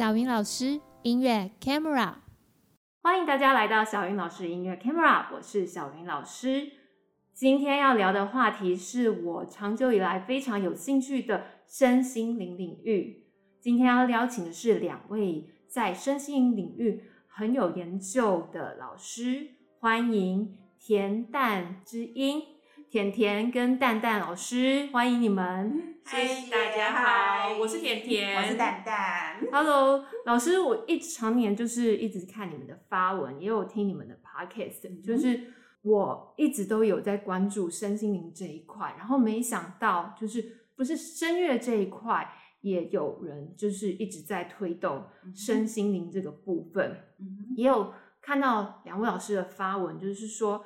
小雲老師音樂 camera，歡迎大家來到小雲老師音樂 camera，我是小雲老師。今天要聊的話題是我長久以來非常有興趣的身心靈領域。今天要邀請的是兩位在身心靈領域很有研究的老師，歡迎恬淡之音。甜甜跟蛋蛋老師，歡迎你們！Hey, 大家好，Hi. 我是甜甜，我是蛋蛋。哈嘍，老師，我一直常年就是一直看你們的發文，也有聽你們的 podcast，mm-hmm. 就是我一直都有在關注身心靈這一塊，然後沒想到就是不是聲樂這一塊，也有人就是一直在推動身心靈這個部分，mm-hmm. 也有看到兩位老師的發文，就是說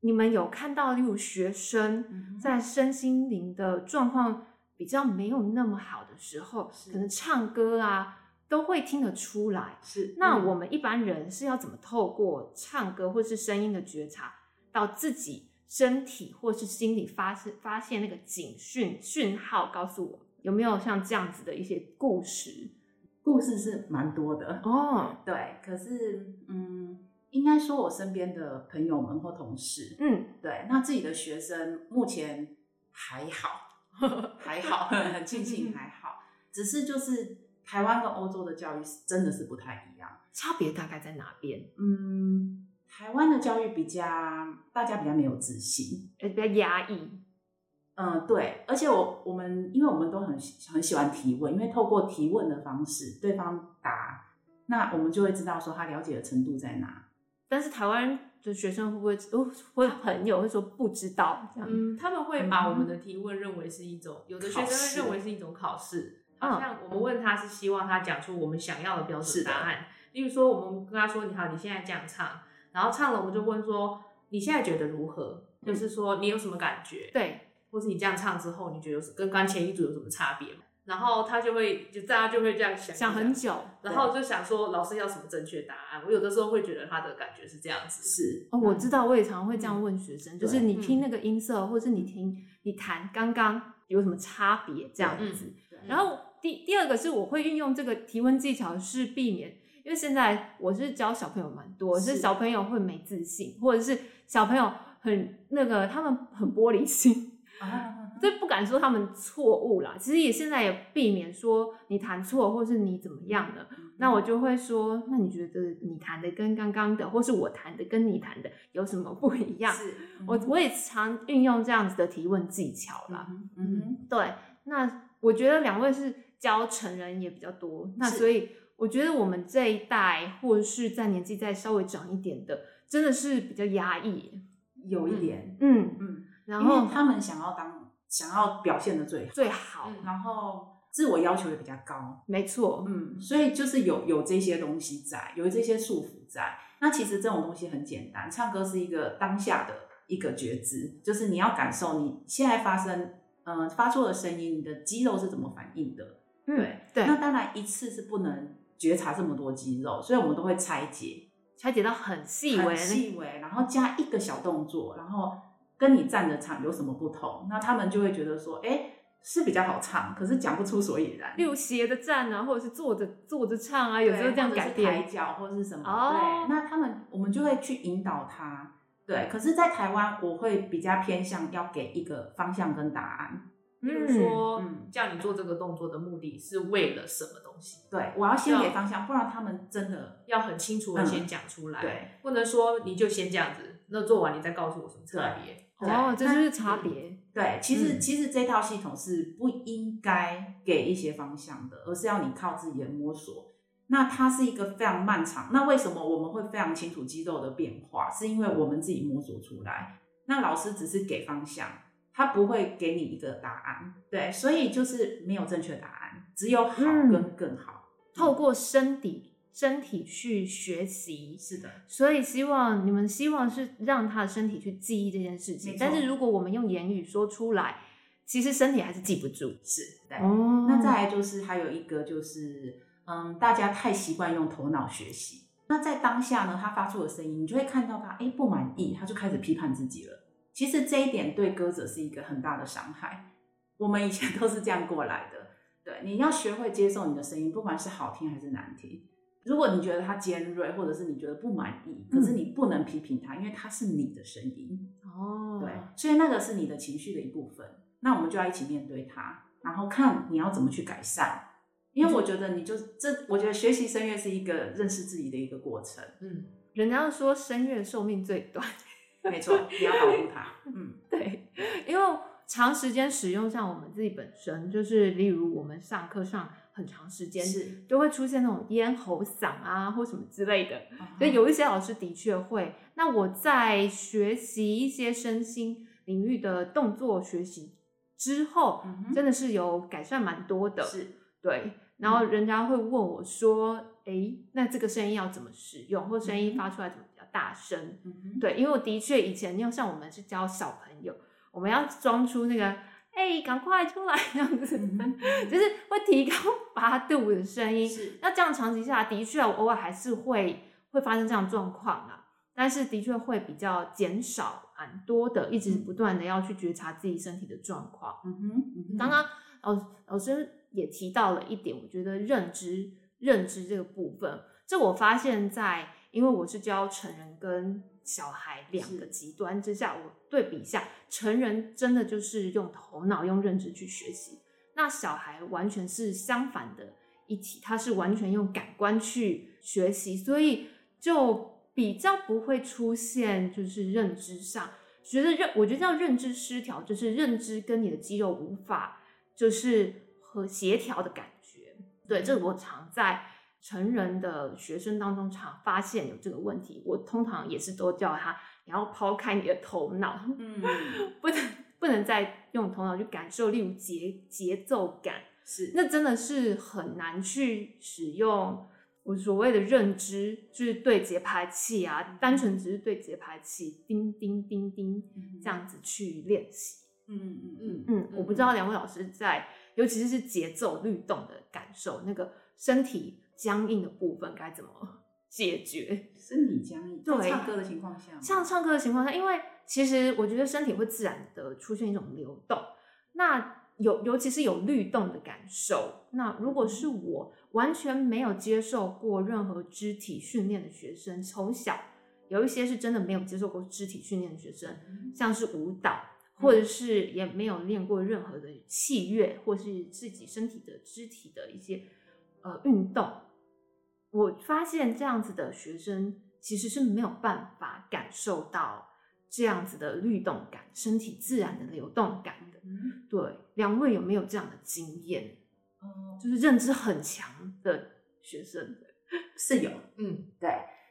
你們有看到，例如學生在身心靈的狀況比較沒有那麼好的時候，可能唱歌啊都會聽得出來。是，那我們一般人是要怎麼透過唱歌或是聲音的覺察，到自己身體或是心理發發現那個警訊訊號，告訴我有沒有像這樣子的一些故事？故事是蠻多的哦。對，可是嗯。應該說，我身邊的朋友們或同事，嗯，對，那自己的學生目前還好，還好，慶幸還好，呵呵還好、嗯。只是就是台灣跟歐洲的教育真的是不太一樣，差別大概在哪邊？嗯，台灣的教育比較大家比較沒有自信，呃，比較壓抑。嗯，對，而且我我們因為我們都很很喜歡提問，因為透過提問的方式，對方答，那我們就會知道說他了解的程度在哪。但是台灣的學生會不會哦，我朋友會說不知道這樣？嗯，他們會把我們的提問認為是一種，有的學生會認為是一種考試。嗯，好像我們問他是希望他講出我們想要的標準答案。是的。例如說，我們跟他說：“你好，你現在這樣唱，然後唱了，我們就問說你現在覺得如何、嗯？就是說你有什麼感覺？對，或是你這樣唱之後，你覺得跟剛前一組有什麼差別嗎？”然後他就會，就大家就會這樣想，想，想很久，然後就想說老師要什麼正確答案。我有的時候會覺得他的感覺是這樣子。是、哦，我知道，我也常常會這樣問學生，嗯，就是你聽那個音色，嗯，或者是你聽你彈，剛剛有什麼差別這樣子。嗯，然後第第二個是，我會運用這個提問技巧，是避免，因為現在我是教小朋友蠻多，是小朋友會沒自信，或者是小朋友很那個，他們很玻璃心。啊 這不敢說他們錯誤啦，其實也現在也避免說你彈錯或是你怎麼樣的、嗯、那我就會說，那你覺得你彈的跟剛剛的，或是我彈的跟你彈的有什麼不一樣？是嗯、我我也常運用這樣子的提問技巧啦。嗯，嗯，對。那我覺得兩位是教成人也比較多，那所以我覺得我們這一代，或是在年紀再稍微長一點的，真的是比較壓抑有一點。嗯嗯，嗯。然後他們想要當。想要表現的最好，最好，嗯、然後自我要求也比較高，沒錯，嗯，所以就是有有這些東西在，有這些束縛在、嗯。那其實這種東西很簡單，唱歌是一個當下的一個覺知，就是你要感受你現在發聲，嗯、呃，發錯的聲音，你的肌肉是怎麼反應的？對、嗯、對。那當然一次是不能覺察這麼多肌肉，所以我們都會拆解，拆解到很細微、那個，很細微，然後加一個小動作，然後。跟你站着唱有什麼不同？那他們就會覺得說，哎、欸，是比較好唱，可是講不出所以然。例如斜著站啊，或者是坐着坐着唱啊，有時候這樣改變，抬腳或者是，或者是什麼、哦？對，那他們我們就會去引導他。對，可是，在台灣，我會比較偏向要給一個方向跟答案。比如說，叫、嗯嗯、你做這個動作的目的是為了什麼東西？對，我要先給方向，不然他們真的要很清楚，我先講出來、嗯，對，不能說你就先這樣子，那做完你再告訴我什麼差別？哦，這就是、是差別。對，嗯、其實其實這套系統是不應該給一些方向的，而是要你靠自己的摸索。那它是一個非常漫長。那為什麼我們會非常清楚肌肉的變化？是因為我們自己摸索出來。那老師只是給方向，他不會給你一個答案。對，所以就是沒有正確答案，只有好跟更好。嗯嗯、透過身體。身體去學習。是的，所以希望你們希望是讓他的身體去記憶這件事情。但是如果我們用言語說出來，其實身體還是記不住，是，對、嗯。那再來就是還有一個就是，嗯，大家太習慣用頭腦學習。那在當下呢，他發出的聲音，你就會看到他，哎，不滿意，他就開始批判自己了。其實這一點對歌者是一個很大的傷害。我們以前都是這樣過來的，對，你要學會接受你的聲音，不管是好聽還是難聽。如果你覺得它尖銳，或者是你覺得不滿意，嗯、可是你不能批評它，因為它是你的聲音哦。對，所以那個是你的情緒的一部分。那我們就要一起面對它，然後看你要怎麼去改善。因為我覺得你就這，我覺得學習聲樂是一個認識自己的一個過程。嗯，人家說聲樂壽命最短， 沒錯，你要保護它。嗯，對，因為長時間使用，像我們自己本身就是，例如我們上課上。很長時間是就會出現那種咽喉嗓啊或什麼之類的，所以，Uh-huh. 有一些老師的確會。那我在學習一些身心領域的動作學習之後，Uh-huh. 真的是有改善蠻多的。是。Uh-huh. 對。然後人家會問我說：“哎，Uh-huh. 那這個聲音要怎麼使用？或聲音發出來怎麼比較大聲？” Uh-huh. 對，因為我的確以前，你要像我們是教小朋友，我們要裝出那個。Uh-huh. 哎、欸，趕快出來！這樣子，mm -hmm. 就是會提高八度的聲音。是，那這樣長期下的確，我偶爾還是會會發生這樣的狀況啊。但是的確會比較減少蠻多的，一直不斷的要去覺察自己身體的狀況。嗯哼。剛剛老老師也提到了一點，我覺得認知認知這個部分，這我發現在因為我是教成人跟。小孩兩個極端之下，我對比一下成人，真的就是用頭腦、用認知去學習。那小孩完全是相反的一體，他是完全用感官去學習，所以就比較不會出現就是認知上覺得認，我覺得叫認知失調，就是認知跟你的肌肉無法就是和協調的感覺。對，這是我常在。成人的學生當中，常發現有這個問題。我通常也是都叫他，然後拋開你的頭腦，嗯，不能不能再用頭腦去感受，例如節節奏感，是那真的是很難去使用我所謂的認知就是對節拍器啊，單純只是對節拍器，叮、叮叮叮叮，這樣子去練習，嗯嗯嗯嗯、嗯，我不知道兩位老師在，尤其是節奏律動的感受，那個身體僵硬的部分該怎麼解決？身體僵硬，在唱歌的情況下，像唱歌的情況下，因為其實我覺得身體會自然的出現一種流動。那有，尤其是有律動的感受。那如果是我完全沒有接受過任何肢體訓練的學生，從小有一些是真的沒有接受過肢體訓練的學生，嗯、像是舞蹈、嗯，或者是也沒有練過任何的器樂，或是自己身體的肢體的一些。呃，運動，我發現這樣子的學生其實是沒有辦法感受到這樣子的律動感、身體自然的流動感的。嗯，對，兩位有沒有這樣的經驗？嗯，就是認知很強的學生，是有，嗯，對。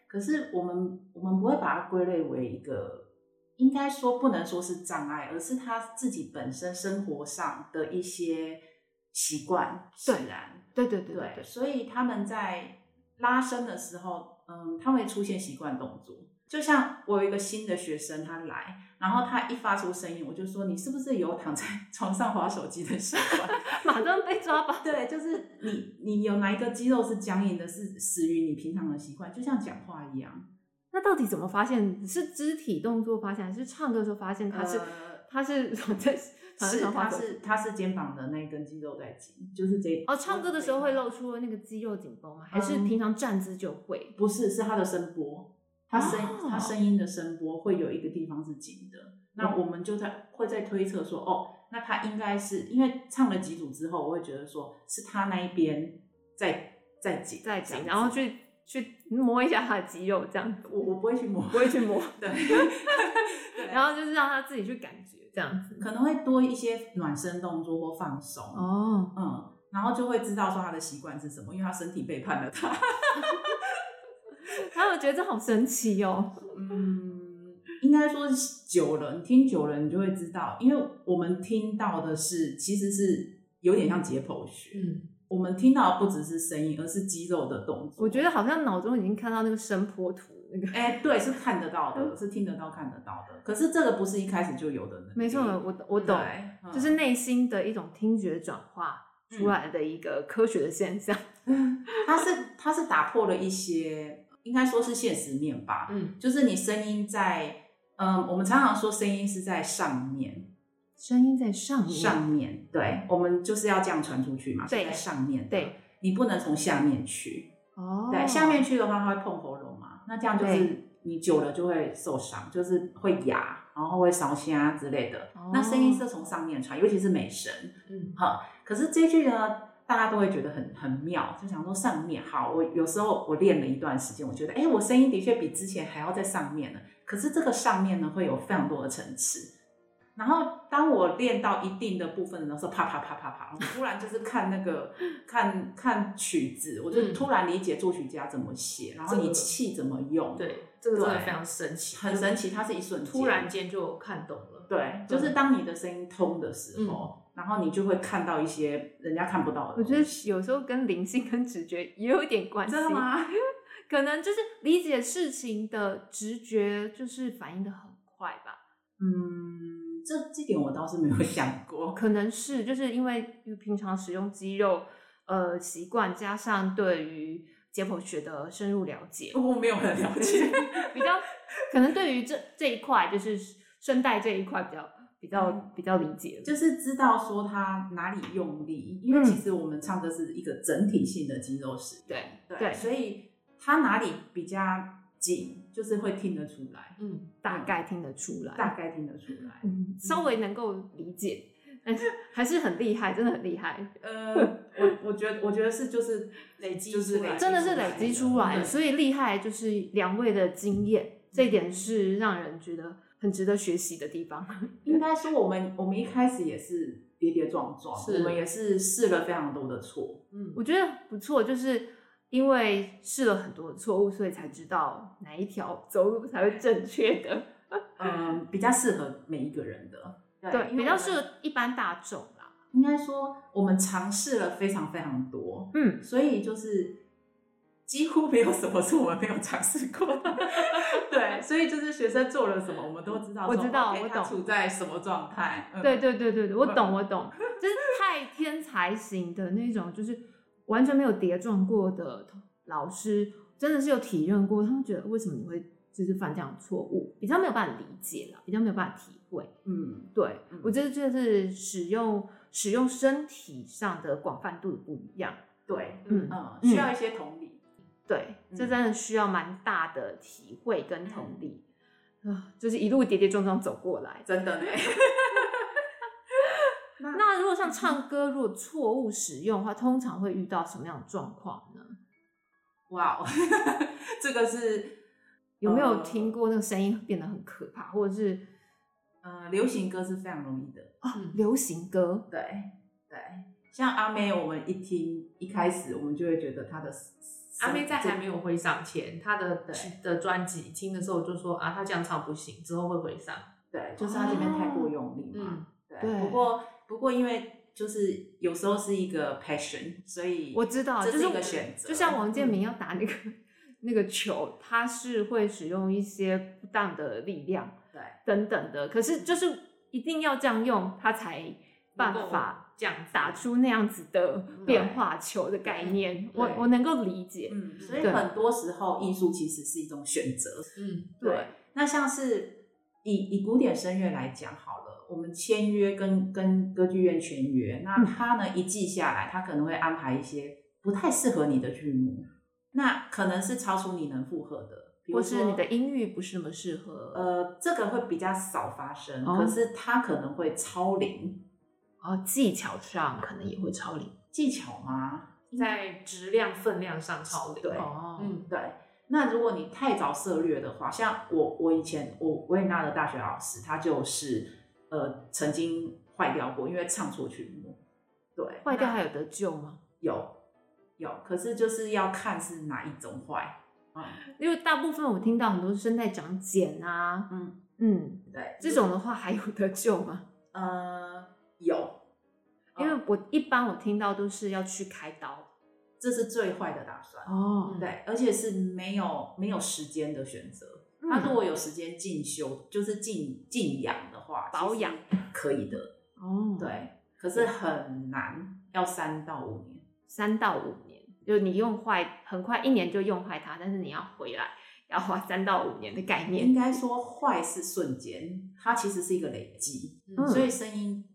可是我們我們不會把它歸類為一個，應該說不能說是障礙，而是他自己本身生活上的一些習慣，自然，啊。對對對，對對對，所以他們在拉伸的時候，嗯，他會出現習慣動作。就像我有一個新的學生，他來，然後他一發出聲音，我就說你是不是有躺在床上滑手機的習慣？ 馬上被抓吧。對，就是你，你有哪一個肌肉是僵硬的，是始於你平常的習慣，就像講話一樣。那到底怎麼發現？是肢體動作發現，還是唱歌的時候發現他是、呃、他是我在。可是他是他是肩膀的那一根肌肉在緊，就是這哦。唱歌的時候會露出那個肌肉緊繃嗎、嗯，還是平常站姿就會？不是，是他的聲波，他聲他聲音的聲波會有一個地方是緊的。那我們就在、嗯、會在推測說，哦，那他應該是因為唱了幾組之後，我會覺得說是他那一邊在在緊，在緊，然後就。去摸一下他的肌肉，這樣子我。我我不會去摸，不會去摸。 對， 對笑然後就是讓他自己去感覺，這樣子可能會多一些暖身動作或放鬆。哦，嗯，然後就會知道說他的習慣是什麼，因為他身體背叛了他。然後我覺得這好神奇哦。嗯，應該說久了，你聽久了你就會知道，因為我們聽到的是其實是有點像解剖學。嗯。我們聽到的不只是聲音，而是肌肉的動作。我覺得好像腦中已經看到那個聲波圖，那個。哎、欸，對，是看得到的， 是聽得到、看得到的。可是這個不是一開始就有的。沒錯，我我懂、嗯，就是內心的一種聽覺轉化出來的一個科學的現象。嗯嗯、它是它是打破了一些， 應該說是現實面吧。嗯，就是你聲音在，嗯，我們常常說聲音是在上面。聲音在上面，上面對，我們就是要這樣傳出去嘛，對在上面對，你不能從下面去哦，對下面去的話，它會碰喉嚨嘛，那這樣就是你久了就會受傷，就是會啞，然後會燒聲啊之類的。哦。那聲音是從上面傳，尤其是美聲，嗯哈。可是這句呢，大家都會覺得很很妙，就想說上面好。我有時候我練了一段時間，我覺得哎，我聲音的確比之前還要在上面了。可是這個上面呢，會有非常多的層次。然後當我練到一定的部分的時候，啪啪啪啪啪，然後突然就是看那個 看看曲子，我就突然理解作曲家怎麼寫、嗯，然後你氣怎麼用，這個對，對，這個真的非常神奇，很神奇，它是一瞬間，突然間就看懂了對。對，就是當你的聲音通的時候，嗯，然後你就會看到一些人家看不到的。我覺得有時候跟靈性跟直覺也有一點關係，真的嗎？ 可能就是理解事情的直覺，就是反應的很快吧。嗯。這這點我倒是沒有想過，可能是就是因為平常使用肌肉，呃，習慣加上對於解剖學的深入了解。哦、我沒有很了解， 比較可能對於這這一塊就是聲帶這一塊比較比較、嗯、比較理解，就是知道說他哪裡用力，因為其實我們唱歌是一個整體性的肌肉使、嗯，對對，所以他哪裡比較緊。就是會聽得出來，嗯，嗯，大概聽得出來大，大概聽得出來，嗯，稍微能夠理解，還、嗯、是還是很厲害， 真的很厲害。呃，我我覺得，我覺得是就是累積出來，真的是累積出，出來，所以厲害就是兩位的經驗、嗯，這一點是讓人覺得很值得學習的地方。應該說，我們我們一開始也是跌跌撞撞，是我們也是試了非常多的錯。嗯，我覺得不錯，就是。因為試了很多的錯誤，所以才知道哪一條走路才會正確的。嗯，比較適合每一個人的。對，對比較適合一般大眾啦。應該說，我們嘗試了非常非常多。嗯，所以就是幾乎沒有什麼是我們沒有嘗試過。 對，所以就是學生做了什麼，我們都知道。我知道，okay, 我懂。處在什麼狀態？啊、對，對對對對，我懂我懂。 就是太天才型的那種，就是。完全沒有跌撞過的老師，真的是有體驗過，他們覺得為什麼你會就是犯這樣的錯誤，比較沒有辦法理解了，比較沒有辦法體會。嗯，對，嗯、我覺得就是使用使用身體上的廣泛度不一樣。對，嗯，嗯，嗯，需要一些同理。對，這、嗯、真的需要蠻大的體會跟同理、嗯啊、就是一路跌跌撞撞走過來，真的、欸。 如果像唱歌，如果錯誤使用的話，通常會遇到什麼樣的狀況呢？哇、wow, 這個是有沒有聽過那個聲音變得很可怕，嗯、或者是、嗯、流行歌是非常容易的啊。流行歌，對對，像阿妹，我們一聽一開始我們就會覺得她的、嗯、阿妹在還沒有回上前，她的 的專輯聽的時候就說啊，她這樣唱不行，之後會回上，對，就是她這邊太過用力嘛。啊對、嗯、對，不過。不過，因為就是有時候是一個 passion，所以我知道這是一個選擇。就是、就像王建民要打那個、嗯、那個球，他是會使用一些不當的力量，對等等的。可是就是一定要這樣用，他才辦法這樣打出那樣子的變化球的概念。我我能夠理解、嗯，所以很多時候藝術其實是一種選擇。嗯，對。那像是以以古典聲樂來講好了。我們簽約跟跟歌劇院簽約，那他呢、嗯、一季下來，他可能會安排一些不太適合你的劇目，那可能是超出你能負荷的，比如說，或是你的音域不是那麼適合。呃，這個會比較少發生，哦、可是他可能會超齡啊、哦，技巧上、嗯、可能也會超齡，技巧嗎？在質量分量上超齡、嗯，哦，嗯，對。那如果你太早涉略的話，像我我以前我維也納的大學老師，他就是。呃，曾經壞掉過，因為唱錯曲目。對，壞掉還有得救嗎？有，有。可是就是要看是哪一種壞。嗯。因為大部分我聽到很多聲帶長繭啊，嗯嗯，對，這種的話還有得救嗎？呃，有，嗯。因為我一般我聽到都是要去開刀，這是最壞的打算哦。對，而且是沒有沒有時間的選擇。他說我有時間進修，就是靜靜養。保養可以的哦、嗯，對，可是很難，要三到五年。三到五年，就你用壞，很快一年就用壞它，但是你要回來，要花三到五年的概念。應該說壞是瞬間，它其實是一個累積、嗯，所以聲音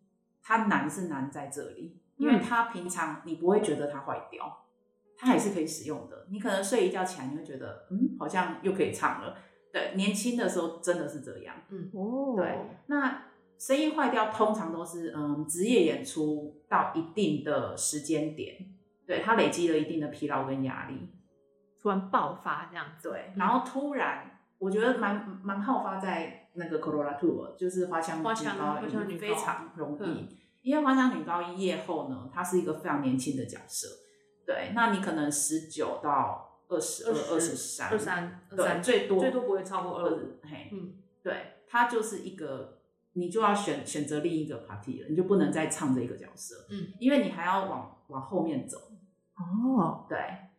它難是難在這裡，因為它平常你不會覺得它壞掉，它還是可以使用的。你可能睡一覺起來，你會覺得嗯，好像又可以唱了。對，年輕的時候真的是這樣。嗯哦，對，那聲音壞掉通常都是嗯職業演出到一定的時間點，對，他累積了一定的疲勞跟壓力，突然爆發這樣子。對，嗯、然後突然我覺得蠻蠻好發在那個《coloratura》，就是花腔女高音，非常容易。因為花腔女高音一夜後呢，她是一個非常年輕的角色。對，嗯、那你可能十九到。二十二、二十三、二三，對，最多最多不會超過二十五，嘿，嗯，對，他就是一個，你就要選選擇另一個 party 了，你就不能再唱這個角色，嗯，因為你還要往、嗯、往後面走，哦，對，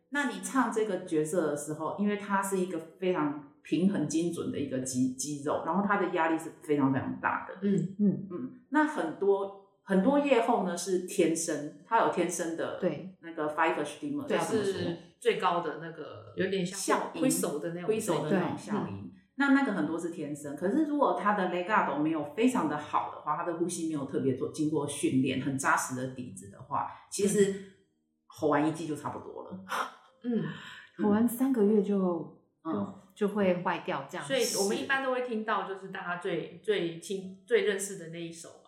那你唱這個角色的時候，因為他是一個非常平衡精準的一個肌肌肉，然後他的壓力是非常非常大的，嗯嗯嗯，那很多。很多夜後呢是天生，他有天生的對那個 five steamer，就是最高的那個有點像揮手的那種揮手的那種效應、嗯。那那個很多是天生，可是如果他的 legato 沒有非常的好的話，他的呼吸沒有特別做經過訓練很扎實的底子的話，其實、嗯、吼完一季就差不多了。嗯，嗯吼完三個月就嗯就，就會壞掉這樣。所以我們一般都會聽到就是大家最最，最親最認識的那一首。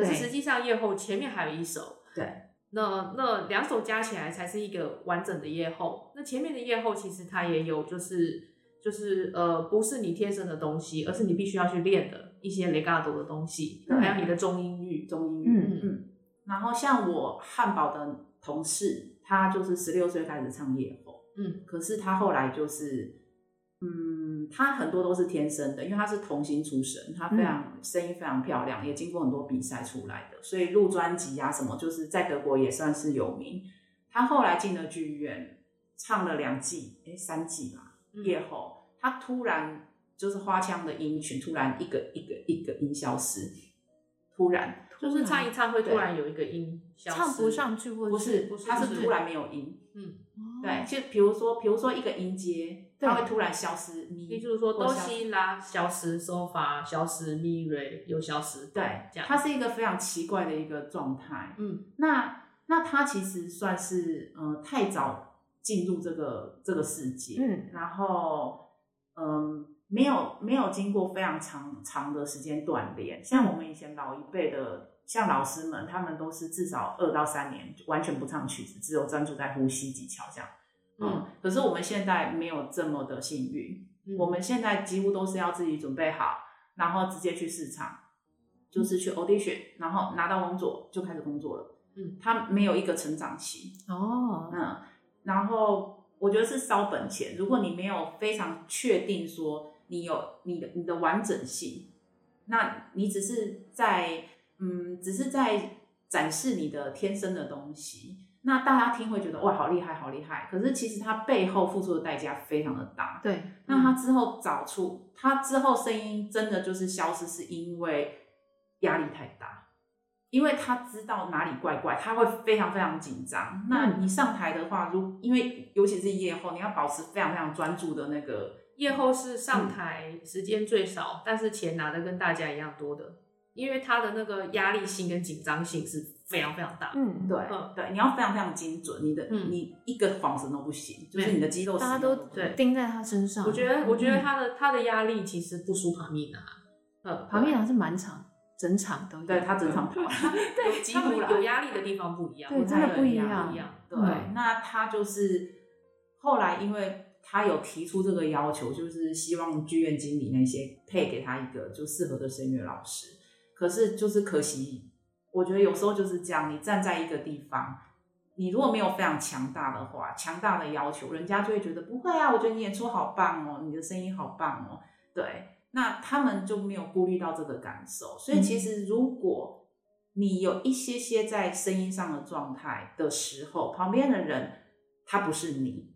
可是實際上，夜後前面還有一首，對，那那兩首加起來才是一個完整的夜後。那前面的夜後其實它也有，就是就是呃，不是你天生的東西，而是你必須要去練的一些雷嘎多的東西，還有你的中音域、中音域。嗯嗯，嗯。然後像我漢堡的同事，他就是十六歲開始唱夜後，嗯，可是他後來就是。嗯，他很多都是天生的，因為他是童星出身，他非常，嗯，聲音非常漂亮，也經過很多比賽出來的，所以錄專輯啊什麼，就是在德國也算是有名。他後來進了劇院，唱了兩季，誒，三季嘛，嗯，夜後。他突然就是花腔的音群，突然一個一個一個音消失，突然，突然就是唱一唱會突然有一個音消失，唱不上去或是，不是，不是不是，他是突然沒有音。嗯，對，哦，就比如說，比如說一個音階。他會突然消失，咪，你就是說哆西啦消失，sofa 消失，咪瑞又消失，消失，消失，有消失，對，這樣。它是一個非常奇怪的一個狀態。嗯，那那他其實算是嗯、呃、太早進入這個這個世界，嗯，然後嗯、呃、沒有沒有經過非常長長的時間鍛鍊，像我們以前老一輩的像老師們，他們都是至少二到三年完全不唱曲子，只有專注在呼吸技巧這樣。嗯，可是我們現在沒有這麼的幸運、嗯，我們現在幾乎都是要自己準備好，然後直接去市場，嗯、就是去 audition，然後拿到工作就開始工作了。嗯，他沒有一個成長期哦，嗯，然後我覺得是燒本錢，如果你沒有非常確定說你有你的你的完整性，那你只是在嗯，只是在展示你的天生的東西。那大家聽會覺得哇、哦，好厲害，好厲害！可是其實他背後付出的代價非常的大。對，那他之後找出，他之後聲音真的就是消失，是因為壓力太大，因為他知道哪裡怪怪，他會非常非常緊張、嗯。那你上台的話，如因為尤其是夜後，你要保持非常非常專注的那個夜後是上台時間最少，嗯、但是錢拿的跟大家一樣多的，因為他的那個壓力性跟緊張性是。非常非常大，嗯，對嗯對，你要非常非常精準，你的、嗯、你一個恍神都不行，就是你的肌肉，大家都盯在他身上。我覺得、嗯，我覺得他的、嗯、他的壓力其實不輸帕米娜，呃、嗯，帕米娜是滿場整場都，對他整場跑，嗯、他對他有壓力的地方不一樣，對他對的一樣對真的不一樣，不一樣。對，對、嗯，那他就是後來，因為他有提出這個要求，就是希望劇院經理那些配給他一個就適合的聲樂老師，可是就是可惜。我覺得有時候就是這樣，你站在一個地方，你如果沒有非常強大的話，強大的要求，人家就會覺得不會啊。我覺得你演出好棒哦，你的聲音好棒哦。對，那他們就沒有顧慮到這個感受。所以其實如果你有一些些在聲音上的狀態的時候，嗯、旁邊的人他不是你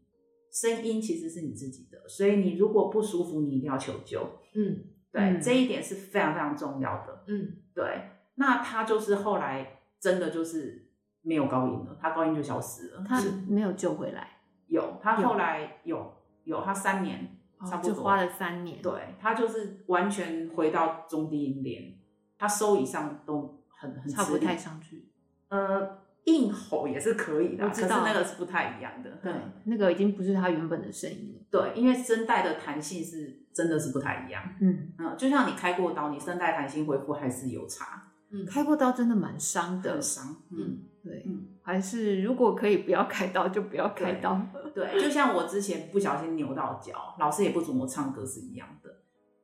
聲音，其實是你自己的。所以你如果不舒服，你一定要求救。嗯，對，嗯、這一點是非常非常重要的。嗯，對。那他就是後來真的就是沒有高音了，他高音就消失了。他沒有救回來？有，他後來有有，有，他三年、哦、差不多花了三年。對，他就是完全回到中低音連，他收以上都很很差，不太上去。呃，硬吼也是可以的，我知道，可是那個是不太一樣的。對，嗯、對那個已經不是他原本的聲音了。對，因為聲帶的彈性是真的是不太一樣。嗯嗯，就像你開過刀，你聲帶彈性恢復還是有差。嗯、開過刀真的蠻傷的，很傷。嗯，嗯對嗯。還是如果可以不要開刀就不要開刀。對，對就像我之前不小心扭到腳、嗯，老師也不准我唱歌是一樣的。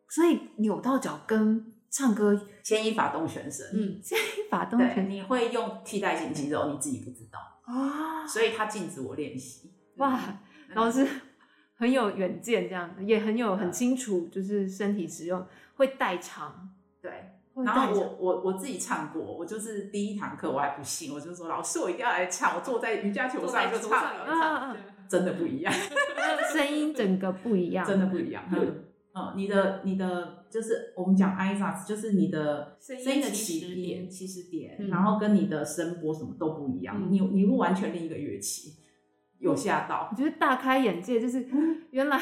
所以扭到腳跟唱歌牽一髮動全身。嗯，牽一髮動全身。你會用替代性肌肉、嗯，你自己不知道啊、哦。所以他禁止我練習。哇，嗯、老師很有遠見，這樣也很有、嗯、很清楚，就是身體使用會代償。對。然後我我我自己唱過，我就是第一堂課我還不信，我就說老師我一定要來唱，我坐在瑜伽球上就唱，真的不一樣，聲音整個不一樣，真的不一樣。 一樣 一樣 嗯，嗯，嗯，你的你的就是我們講 aisas，就是你的聲音的起點、起始點、嗯，然後跟你的聲波什麼都不一樣，嗯、你你不完全另一個樂器，嗯、有嚇到？我覺得大開眼界，就是、嗯、原來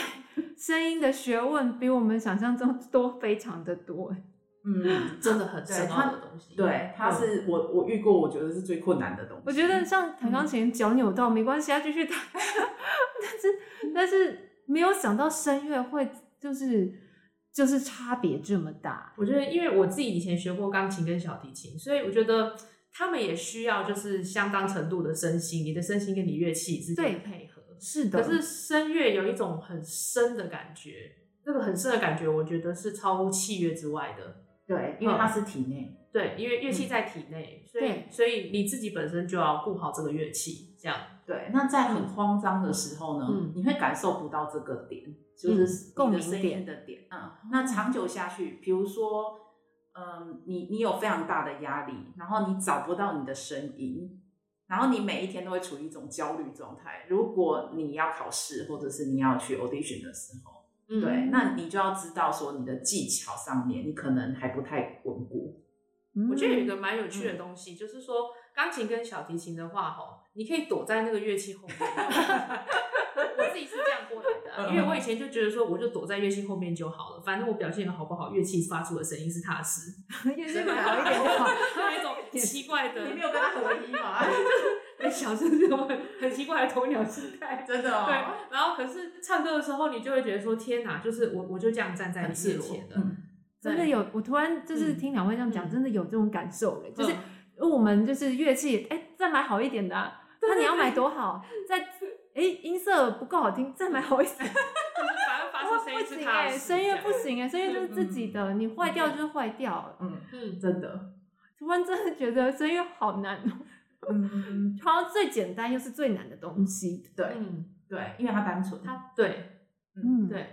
聲音的學問比我們想象中都非常的多。嗯，真的很折磨的東西。對，它、嗯、是我我遇過我覺得是最困難的東西。我覺得像彈鋼琴，腳扭到、嗯、沒關係，啊，繼續彈。 但是但是沒有想到聲樂會就是就是差別這麼大。我覺得因為我自己以前學過鋼琴跟小提琴，所以我覺得他們也需要就是相當程度的身心，你的身心跟你樂器之間的配合。是的。可是聲樂有一種很深的感覺，那個很深的感覺，我覺得是超乎器樂之外的。對，因為它是體內、嗯。對，因為樂器在體內，嗯、所以所以你自己本身就要顧好這個樂器，這樣。對，那在很慌張的時候呢，嗯、你會感受不到這個點，就是、嗯、共鳴點的點。嗯，那長久下去，比如說，嗯、你你有非常大的壓力，然後你找不到你的聲音，然後你每一天都會處於一種焦慮狀態。如果你要考試，或者是你要去 audition 的時候。嗯、對，那你就要知道說你的技巧上面，你可能還不太穩固。我覺得有一個蠻有趣的東西，嗯、就是說鋼琴跟小提琴的話，吼，你可以躲在那個樂器後面。 我自己是這樣過來的， 因為我以前就覺得說，我就躲在樂器後面就好了，反正我表現得好不好，樂器發出的聲音是踏實，也是蠻好一點的。有 一 種奇怪的，你沒有跟他合一嘛。 小聲，我很奇怪的鴕鳥心態，真的哦。對，然後可是唱歌的時候，你就會覺得說：“天哪！”就是我，我就這樣站在你面前的，的、嗯，真的有。我突然就是聽兩位這樣講、嗯，真的有這種感受、嗯、就是我們就是樂器，哎、欸啊嗯欸， 再買好一點的。那你要買多好？再哎，音色不夠好聽，再買好一點。反而發生音聲音不行，哎，聲樂不行，聲樂就是自己的，嗯、你壞掉就是壞掉嗯，嗯，真的。突然真的覺得聲樂好難。嗯，好像最簡單又是最難的東西，對、嗯、對，因為它單純，它對，嗯，嗯對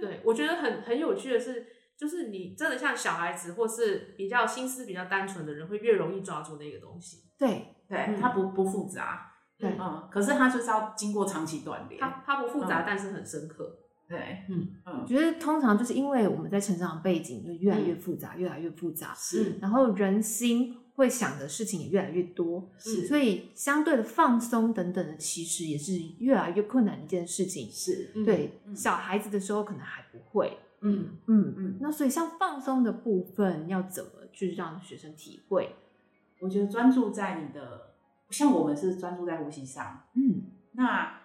對，我覺得很很有趣的是，就是你真的像小孩子或是比較心思比較單純的人，會越容易抓住那個東西，對對，它不、嗯、不複雜，對啊、嗯，可是它就是要經過長期鍛煉，嗯、它它不複雜，但是很深刻，嗯對嗯嗯，我覺得通常就是因為我們在成長的背景就越來越複雜、嗯，越來越複雜，是，嗯、然後人心。會想的事情也越來越多，是、嗯。所以相對的放鬆等等的，其實也是越來越困難的一件事情。是、嗯、對、嗯、小孩子的時候可能還不會，嗯嗯嗯。那所以像放鬆的部分要怎麼去讓學生體會？我覺得專注在你的，像我們是專注在呼吸上，嗯，那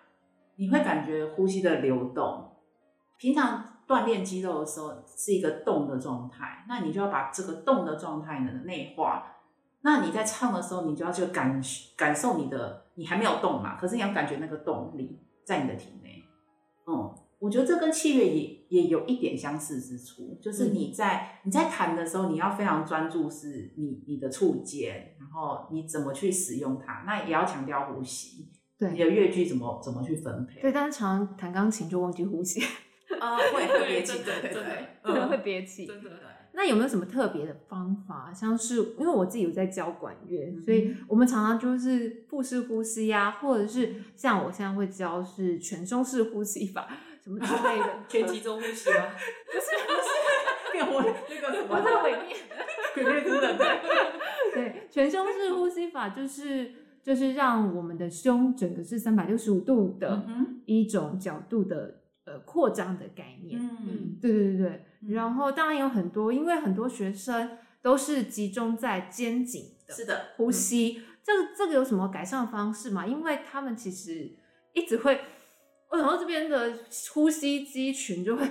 你會感覺呼吸的流動。平常鍛鍊肌肉的時候是一個動的狀態，那你就要把這個動的狀態呢內化。那你在唱的時候，你就要去感感受你的，你還沒有動嘛，可是你要感覺那個動力在你的體內。嗯，我覺得這跟器樂也也有一點相似之處，就是你在、嗯、你在彈的時候，你要非常專注，是你你的觸鍵，然後你怎麼去使用它，那也要強調呼吸，對你的樂句怎麼怎麼去分配對。對，但是常常彈鋼琴就忘記呼吸，啊、 呃 嗯，會會憋氣，對對對，會憋氣，真的。對那有沒有什麼特別的方法？像是因為我自己有在教管樂、嗯，所以我們常常就是腹式呼吸呀、啊，或者是像我現在會教是全胸式呼吸法什麼之類的。啊、全集中呼吸嗎？不 是不是，不是 我那個我在尾面，對對對對對，對全胸式呼吸法就是就是讓我們的胸整個是三百六十五度的一種角度的。呃，擴張的概念，嗯，對對對、嗯、然後當然有很多，因為很多學生都是集中在肩頸的，是的，呼吸，嗯，這個這個有什麼改善方式嗎？因為他們其實一直會，我然後這邊的呼吸肌群就會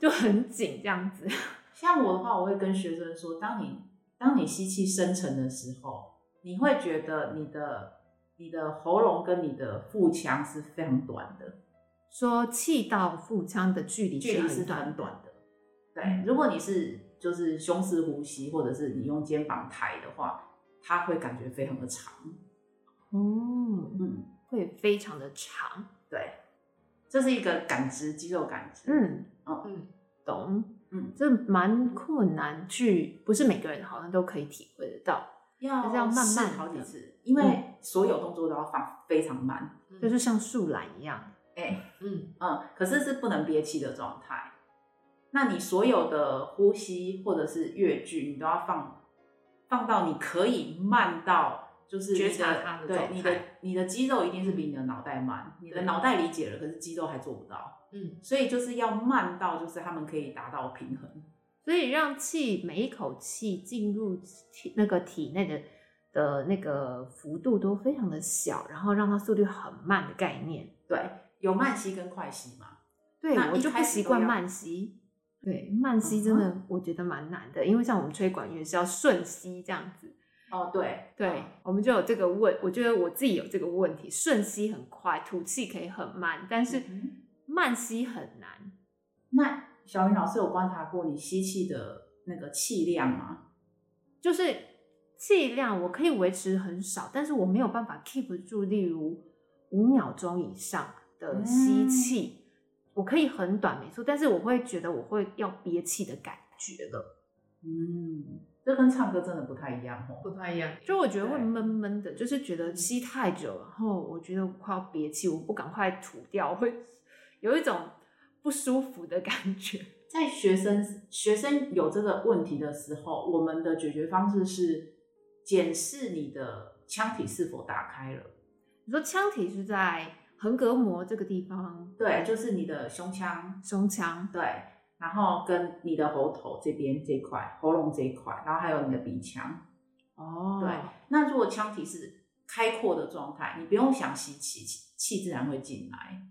就很緊，這樣子。像我的話，我會跟學生說，當你當你吸氣深沉的時候，你會覺得你的你的喉嚨跟你的腹腔是非常短的。說氣到腹腔的距離短的距離是很短的，對。如果你是就是胸式呼吸，或者是你用肩膀抬的話，他會感覺非常的長。哦，嗯，會非常的長。對，這是一個感知，肌肉感知。嗯，哦、嗯，嗯，懂。嗯，這蠻困難去，去不是每個人好像都可以體會得到。要這樣慢慢是好幾次，嗯，因為所有動作都要放非常慢，嗯，就是像樹懶一樣。嗯嗯，可是是不能憋氣的狀態。那你所有的呼吸或者是樂句，你都要放放到你可以慢到，就是覺察他的狀態。對，你的你的肌肉一定是比你的腦袋慢，你的腦袋理解了，可是肌肉還做不到。嗯，所以就是要慢到，就是他們可以達到平衡。所以讓氣每一口氣進入體，那個體內的的那個幅度都非常的小，然後讓它速率很慢的概念，對。有慢吸跟快吸嗎？對我就不習慣慢吸。對，慢吸真的我覺得蠻難的。嗯嗯，因為像我們吹管樂是要瞬吸這樣子。哦，對，對、哦，我們就有這個問，我覺得我自己有這個問題，瞬吸很快，吐氣可以很慢，但是慢吸很難。嗯嗯，那小云老師有觀察過你吸氣的那個氣量嗎？嗯、就是氣量我可以維持很少，但是我沒有辦法 keep 住，例如五秒鐘以上。的吸氣、嗯，我可以很短，沒錯，但是我會覺得我會要憋氣的感覺了。嗯，這跟唱歌真的不太一樣哦，不太一樣。就我覺得會悶悶的，就是覺得吸太久，然後我覺得快要憋氣，我不趕快吐掉，會有一種不舒服的感覺。在學生學生有這個問題的時候，我們的解決方式是檢視你的腔體是否打開了。你說腔體是在？橫膈膜這個地方，對，就是你的胸腔，胸腔，對，然後跟你的喉頭這邊這塊，喉嚨這一塊，然後還有你的鼻腔，哦，對，那如果腔體是開闊的狀態，你不用想吸氣，氣自然會進來，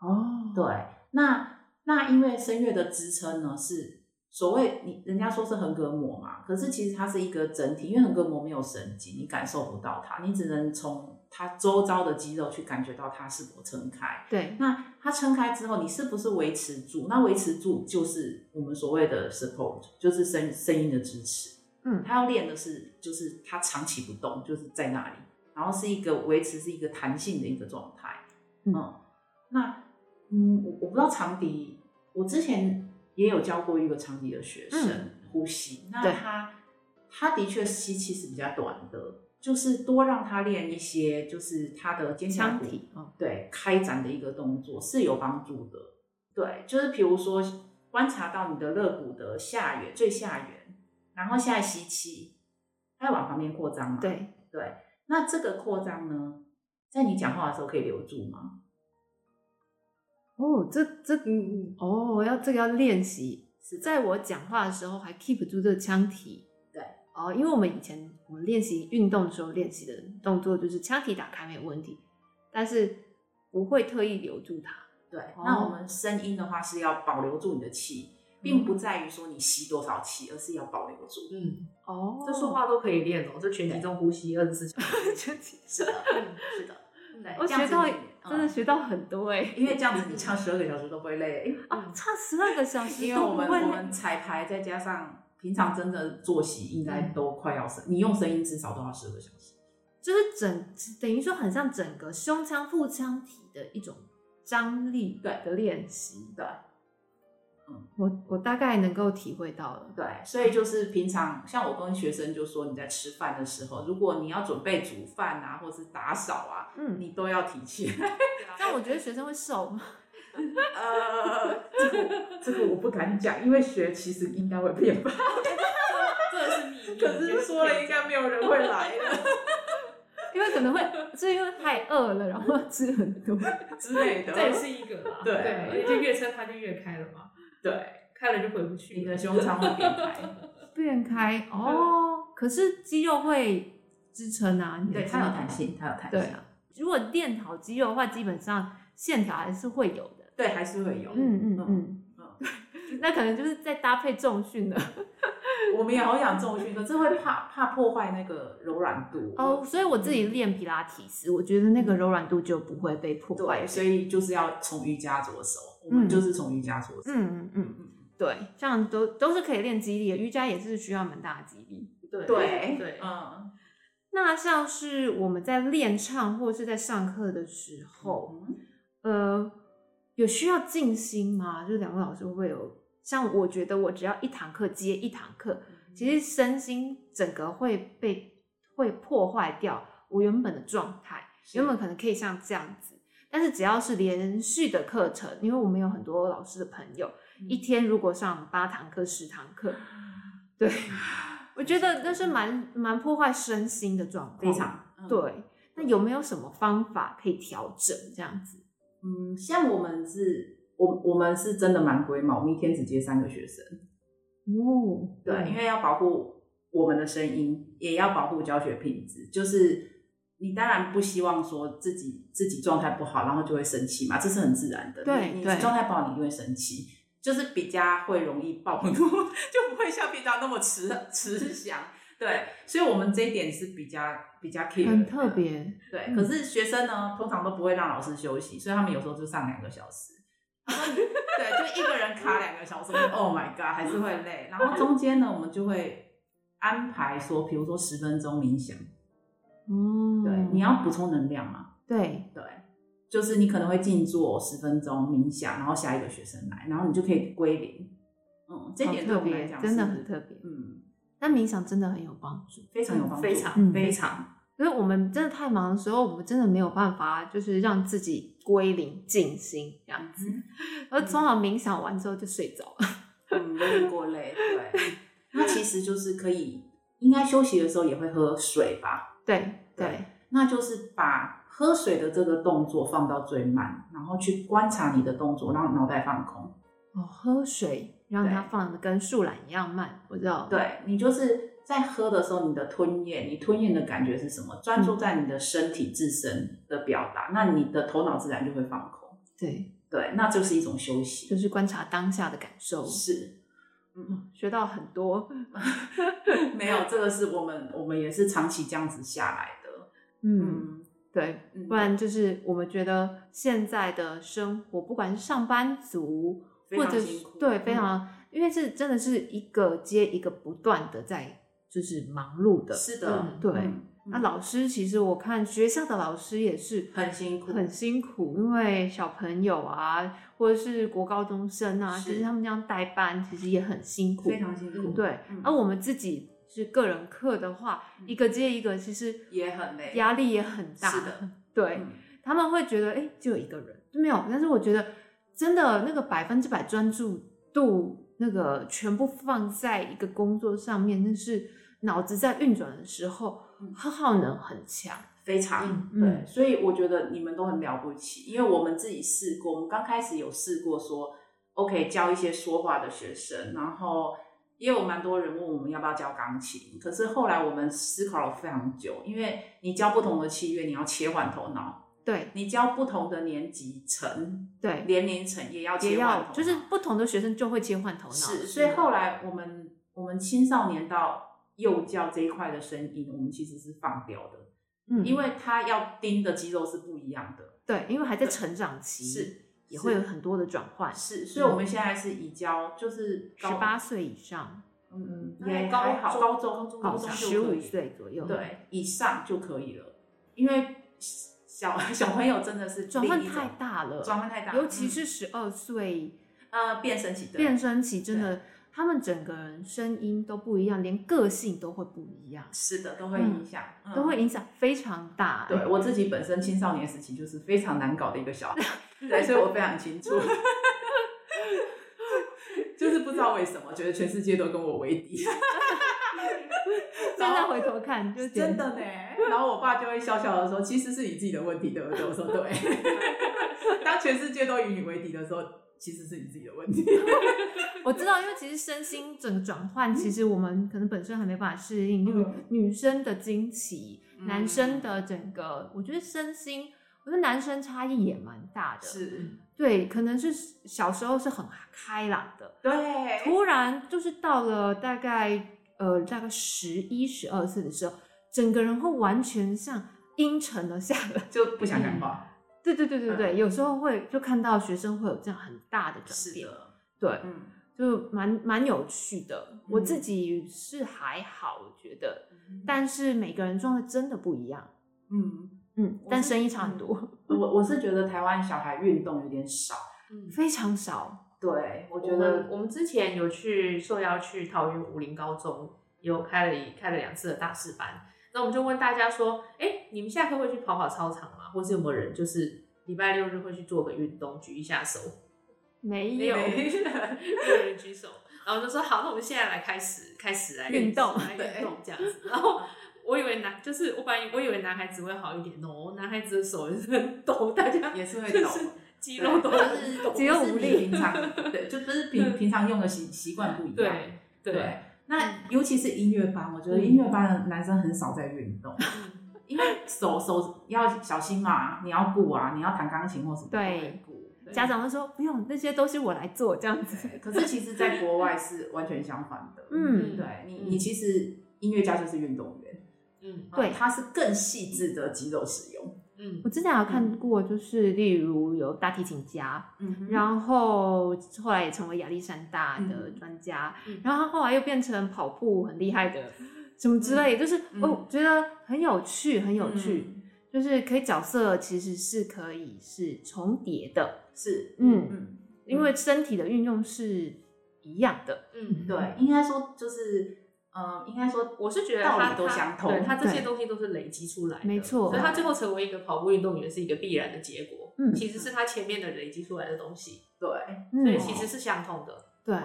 哦，對，那那因為聲樂的支撐呢，是所謂你人家說是橫膈膜嘛，可是其實它是一個整體，因為橫膈膜沒有神經，你感受不到它，你只能從。他周遭的肌肉去感覺到他是否撐開，對，那他撐開之後，你是不是維持住？那維持住就是我們所謂的 support，就是聲聲音的支持。嗯，他要練的是，就是他長期不動，就是在那裡，然後是一個維持，是一個彈性的一個狀態。嗯，嗯那嗯，我我不知道長笛，我之前也有教過一個長笛的學生、嗯、呼吸，那他他的確吸氣是比較短的。就是多讓他練一些，就是他的肩胛骨、腔體對開展的一個動作是有幫助的。對，就是比如說觀察到你的肋骨的下緣最下緣，然後現在吸氣，他要往旁邊擴張嘛。對對，那這個擴張呢，在你講話的時候可以留住嗎？哦，這這嗯嗯，哦，要這個要練習，是在我講話的時候還 keep 住這個腔體。哦，因為我們以前我們練習運動的時候，練習的動作就是腔體打開，沒有問題，但是不會特意留住它。對，哦、那我們聲音的話是要保留住你的氣、嗯，並不在於說你吸多少氣，而是要保留住。嗯哦，這說話都可以練哦，這全集中呼吸二十四小時。全集是是的，是的，、嗯是的。我學到、嗯、真的學到很多哎，、欸，因為這樣子你唱十二個小時都不會累。嗯、啊，唱十二個小時因為我們我們彩排再加上。平常真的作息應該都快要生、嗯、你用聲音至少都要十二個小時，就是整等於說很像整個胸腔、腹腔體的一種張力對的練習對，對，對。嗯，我我大概能夠體會到了、嗯、對。所以就是平常像我跟學生就說，你在吃飯的時候，如果你要準備煮飯啊，或是打掃啊，嗯，你都要提氣。嗯、 但我覺得學生會瘦嗎？呃， 這個這個我不敢講，因為學其實應該會變胖。這是你可是說了應該沒有人會來了。 因為可能會，是因為太餓了，然後吃很多之類的。這也是一個嘛，對對。對，就越撐，它就越開了嘛。對，開了就回不去。你的胸腔會變開。變開？哦、嗯，可是肌肉會支撐啊。你對，它有彈性，它有彈性。彈性如果練好肌肉的話，基本上線條還是會有的。對，還是會有，嗯嗯嗯嗯，嗯嗯嗯 那可能就是在搭配重訓的， 我們也好想重訓，可是會怕怕破壞那個柔軟度哦。Oh, 所以我自己練皮拉提斯、嗯，我覺得那個柔軟度就不會被破壞。對，所以就是要從瑜伽着手，我們就是從瑜伽着手。嗯、就是、手嗯嗯,嗯對，這樣都都是可以練肌力的，瑜伽也是需要蠻大的肌力。對對對，嗯。那像是我們在練唱或者是在上課的時候，嗯、呃。有需要靜心嗎？就兩位老師會不會有像？我覺得我只要一堂課接一堂課，嗯、其實身心整個會被會破壞掉我原本的狀態，原本可能可以像這樣子。但是只要是連續的課程，因為我們有很多老師的朋友，嗯、一天如果上八堂課、十堂課，對、嗯、我覺得那是蠻、嗯、蠻破壞身心的狀況非常、嗯、對。那有沒有什麼方法可以調整這樣子？嗯，像我們是我我們是真的蠻龜毛嘛，每天只接三個學生。哦，對，因為要保護我們的聲音，也要保護教學品質。就是你當然不希望說自己自己狀態不好，然後就會生氣嘛，這是很自然的。對，對你狀態不好，你就會生氣，就是比較會容易暴怒， 就不會像平常那麼慈慈祥。 對，所以，我們這一點是比較比較 care 很特別。對、嗯，可是學生呢，通常都不會讓老師休息，所以他們有時候就上兩個小時， 對，就一個人卡兩個小時。 Oh my god，還是會累。 然後中間呢，我們就會安排說，比如說十分鐘冥想。哦、嗯。對，你要補充能量嘛？對對，就是你可能會靜坐十分鐘冥想，然後下一個學生來，然後你就可以歸零。嗯，這一點對我們來講是真的很特別。嗯。但冥想真的很有幫助，非常有幫助，非常、嗯、非常。因為我們真的太忙的時候，我們真的沒有辦法，就是讓自己歸零、靜心這樣子。我昨晚冥想完之後就睡着了，很、嗯、累過累。對，那 其實就是可以，應該休息的時候也會喝水吧？對對，對，那就是把喝水的這個動作放到最慢，然後去觀察你的動作，讓腦袋放空。哦、喝水，讓它放的跟樹懶一樣慢。我知道。對，你就是在喝的時候，你的吞嚥，你吞嚥的感覺是什麼？專注在你的身體自身的表達，嗯、那你的頭腦自然就會放空。對對，那就是一種休息、嗯，就是觀察當下的感受。是，嗯，學到很多。 沒有， 這個是我們我們也是長期這樣子下來的。嗯，嗯對，對嗯，不然就是我們覺得現在的生活，不管是上班族。或者對，非常、嗯，因為是真的是一個接一個不斷的在就是忙碌的，是的，嗯、對。那、嗯啊、老師其實我看學校的老師也是很，很辛苦，很辛苦，很辛苦、嗯，因為小朋友啊，或者是國高中生啊，其實、就是、他們這樣帶班其實也很辛苦，非常辛苦，嗯、對、嗯。而我們自己是個人課的話，嗯、一個接一個，其實也很累，壓力也很大，嗯、的，對、嗯、他們會覺得哎，就有一個人沒有，但是我覺得。真的，那個百分之百專注度，那個全部放在一個工作上面，那是腦子在運轉的時候，很、嗯、耗能很強，非常、嗯、對、嗯。所以我覺得你們都很了不起，因為我們自己試過，我們剛開始有試過說，OK 教一些說話的學生，然後也有蠻多人問我們要不要教鋼琴，可是後來我們思考了非常久，因為你教不同的器樂，、嗯、你要切換頭腦。對，你教不同的年紀層、對年齡層也要也要，就是不同的學生就會切換頭腦。是，是所以後來我們我們青少年到幼教這一塊的聲音，我們其實是放掉的，嗯，因為他要盯的肌肉是不一樣的，對，因為還在成長期，是也會有很多的轉換，是，是嗯，所以我們現在是以教，就是十八歲以上，嗯嗯，也高還好高中十五歲左右對以上就可以了，因為。小小朋友真的是轉換太大了，轉換太大，嗯，尤其是十二歲，呃，變聲期，變聲期真的，他們整個人聲音都不一樣，連個性都會不一樣。是的，都會影響，嗯嗯，都會影響非常大，欸。對，我自己本身青少年時期就是非常難搞的一個小孩， 對，所以我非常清楚， 就是不知道為什麼，覺得全世界都跟我為敵。 現在回頭看，就是真的呢、欸。然後我爸就會笑笑的說：“ 其實是你自己的問題的。”對，我說對。 當全世界都與你為敵的時候，其實是你自己的問題的。 我知道，因為其實身心整個轉換，其實我們可能本身還沒辦法適應，就、嗯、是女生的經期、嗯，男生的整個，我覺得身心，我覺得男生差異也蠻大的。是，嗯、對，可能是小時候是很開朗的，對，然後突然就是到了大概。呃，大概十一、十二歲的時候，整個人會完全像陰沉了下來，就不想講話。嗯、對對對對對、嗯，有時候會就看到學生會有這樣很大的轉變的，對，嗯、就蠻蠻有趣的、嗯。我自己是還好，我覺得、嗯，但是每個人狀態真的不一樣。嗯嗯，但生意差很多。我是、嗯、我，我是覺得台灣小孩運動有點少、嗯，非常少。對，我覺得我們之前有去受邀去桃園武林高中，有開了一開了兩次的大師班。那我們就問大家說，哎，你們下課會去跑跑操場嗎？或是有沒有人就是禮拜六日會去做個運動，舉一下手？沒有，沒有,沒有人舉手。 然後就說好，那我們現在來開始，開始來運動，運動來運動這樣子。然後我以為男，就是我本來我以為男孩子會好一點哦，no, 男孩子的手也是很抖，大家也是會抖。 肌肉都是、就是、肌肉無力平常 對，就是平，對,就就是平平常用的習習慣不一樣。對，對，對那尤其是音樂班，我覺得音樂班的男生很少在運動，嗯，因為手手要小心嘛，你要顧啊，你要彈鋼、啊、琴或什麼對。對。家長會說：“不用，那些都是我來做這樣子。”可是其實，在國外是完全相反的。嗯，對，你你其實音樂家就是運動員。嗯，對，他是更細緻的肌肉使用。嗯，我之前有看過，就是例如有大提琴家，嗯，然後後來也成為亞歷山大的專家，嗯、然後他後來又變成跑步很厲害的，什麼之類、嗯，就是哦，嗯、我覺得很有趣，很有趣、嗯，就是可以角色其實是可以是重疊的，是，嗯嗯，嗯，因為身體的運用是一樣的，嗯，對，嗯、應該說就是。嗯，應該說，我是覺得道理都相同。對，他這些東西都是累積出來的，沒錯、啊。所以他最後成為一個跑步運動員是一個必然的結果。嗯，其實是他前面的累積出來的東西。對、嗯，所以其實是相同的。嗯嗯、對、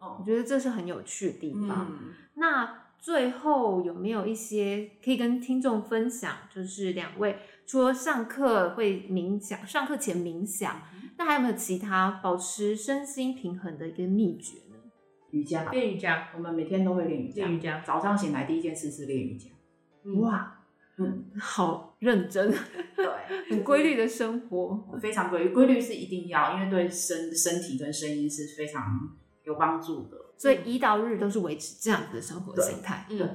嗯，我覺得這是很有趣的地方。嗯、那最後有沒有一些可以跟聽眾分享？就是兩位除了上課會冥想，上課前冥想，那還有沒有其他保持身心平衡的一個祕訣？瑜伽，練瑜伽，我們每天都會練瑜伽。瑜伽，早上醒來第一件事是練瑜伽。哇、嗯，好認真，對， 很規律的生活，非常規律，規律是一定要，嗯、因為對身身體跟聲音是非常有幫助的。所以，一到日都是維持這樣子的生活形態。對，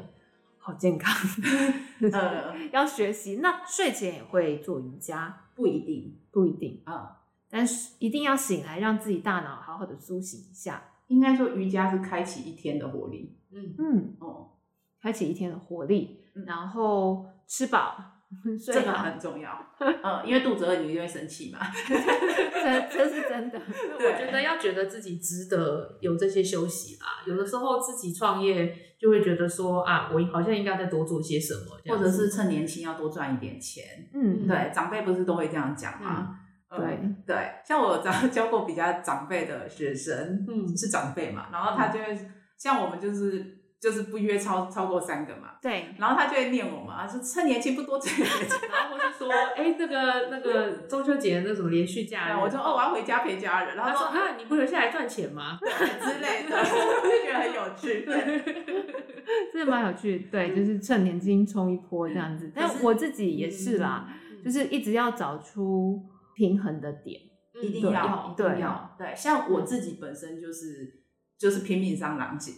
好健康。嗯 對對對嗯、要學習。那睡前也會做瑜伽？不一定，不一定啊、嗯。但是一定要醒來，讓自己大腦好好的蘇醒一下。應該說瑜伽是開啟一天的活力，嗯嗯哦，開啟一天的活力，嗯、然後吃飽，嗯、這個很重要， 嗯，因為肚子餓你就會生氣嘛，這這是真的， 我覺得要覺得自己值得有這些休息吧。有的時候自己創業就會覺得說啊，我好像應該再多做些什麼，或者是趁年輕要多賺一點錢，嗯，對，嗯、長輩不是都會這樣講嘛對、嗯、對，像我只要教過比較長輩的學生，嗯，是長輩嘛，然後他就會、嗯、像我們就是就是不約超超過三個嘛，對，然後他就會念我嘛，說趁年輕不多賺點錢，然後我就說，哎、哦，這個那個中秋節那種連續假，我就哦我要回家陪家人，然後說然後啊你不留下來賺錢嗎？對之類的，我 就 覺得很有趣，對對 真的蠻有趣，對、嗯，就是趁年輕衝一波這樣子，嗯、但我自己也是啦，嗯、就是一直要找出。平衡的點、嗯、一定要，一定要對，對。像我自己本身就是、嗯、就是拼命上狼藉，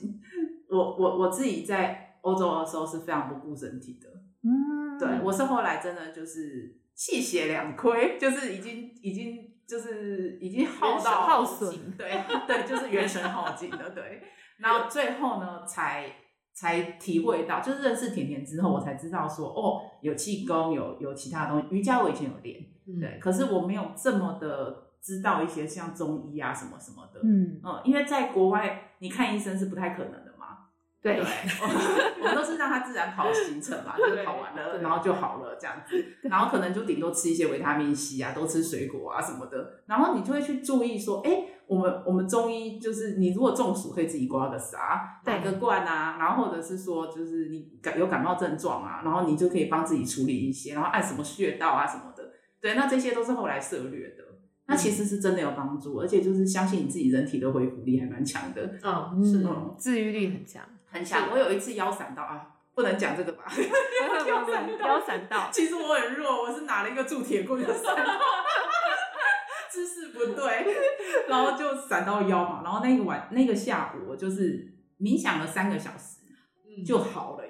我我我自己在歐洲的時候是非常不顧身體的，嗯，對，我是後來真的就是氣血兩虧，就是已經已經就是已經耗到耗損，對對， 對，就是元神耗盡的，對。 然後最後呢，才才體會到，就是認識甜甜之後，我才知道說哦，有氣功，有有其他東西，瑜伽我以前有練。嗯、對，可是我沒有這麼的知道一些像中醫啊什麼什麼的，嗯嗯，因為在國外你看醫生是不太可能的嘛，對， 我們都是讓他自然跑行程嘛，就跑完了然後就好了這樣子，然後可能就頂多吃一些維他命 C 啊，多吃水果啊什麼的，然後你就會去注意說，哎，我們我們中醫就是你如果中暑可以自己刮個痧，拔個罐啊，然後或者是說就是你感有感冒症狀啊，然後你就可以幫自己處理一些，然後按什麼穴道啊什麼。對，那這些都是後來涉獵的，那其實是真的有幫助，而且就是相信你自己人體的恢復力還蠻強的，哦，嗯、是哦、嗯，治癒力很強，很強。我有一次腰閃到啊，不能講這個吧？ 腰腰閃到，腰閃到，其實我很弱，我是拿了一個鑄鐵棍， 姿勢不對， 然後就閃到腰嘛。然後那個晚，那個下午我就是冥想了三個小時，嗯、就好了。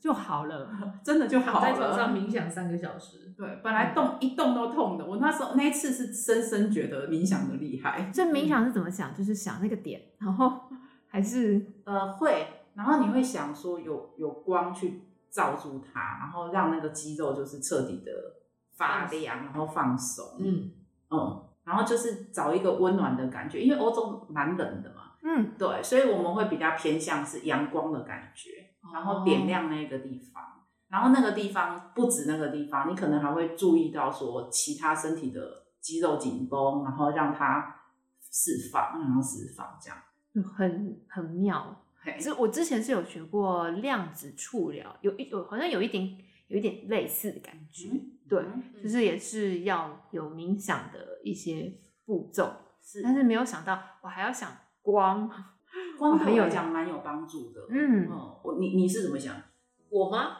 就好了， 真的就好了。在床上冥想三個小時，對，本來動、嗯、一動都痛的，我那時候那一次是深深覺得冥想的厲害。所以冥想是怎麼想？嗯、就是想那個點，然後還是呃會，然後你會想說有有光去照住它，然後讓那個肌肉就是徹底的發亮，然後放鬆，嗯嗯，然後就是找一個溫暖的感覺，因為歐洲蠻冷的嘛，嗯，對，所以我們會比較偏向是陽光的感覺。然後點亮那個地方，oh. 然後那個地方不止，那個地方你可能還會注意到說其他身體的肌肉緊繃，然後讓它釋放，然後釋放，這樣很很妙。這、hey. 我之前是有學過量子觸療，有一有好像有一點有一點類似的感覺，嗯、對、嗯，就是也是要有冥想的一些步驟，是但是沒有想到我還要想光。光頭講有講蠻有幫助的，嗯，我、嗯、你你是怎麼想我嗎？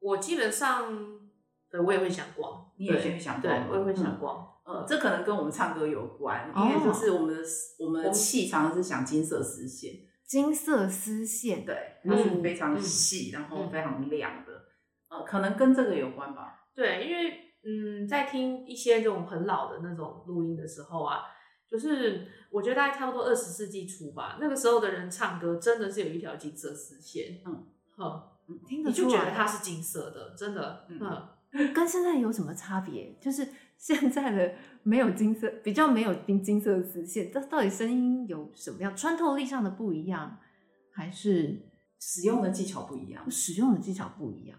我基本上的對的，對，我也會想逛。你也先想逛，我也會想逛。這可能跟我們唱歌有關，哦、因為就是我們的我們的氣常常是像金色絲線，金色絲線，對，它是非常細、嗯，然後非常亮的。、嗯呃，可能跟這個有關吧。對，因為嗯，在聽一些這種很老的那種錄音的時候啊。就是我覺得大概差不多二十世紀初吧，那個時候的人唱歌真的是有一條金色絲線，嗯，好，嗯，聽你就覺得它是金色，嗯，金色的，真的，嗯，嗯，跟現在有什麼差別？就是現在的沒有金色，比較沒有金金色絲線，這到底聲音有什麼樣穿透力上的不一樣，還是使用的技巧不一樣？使用的技巧不一樣，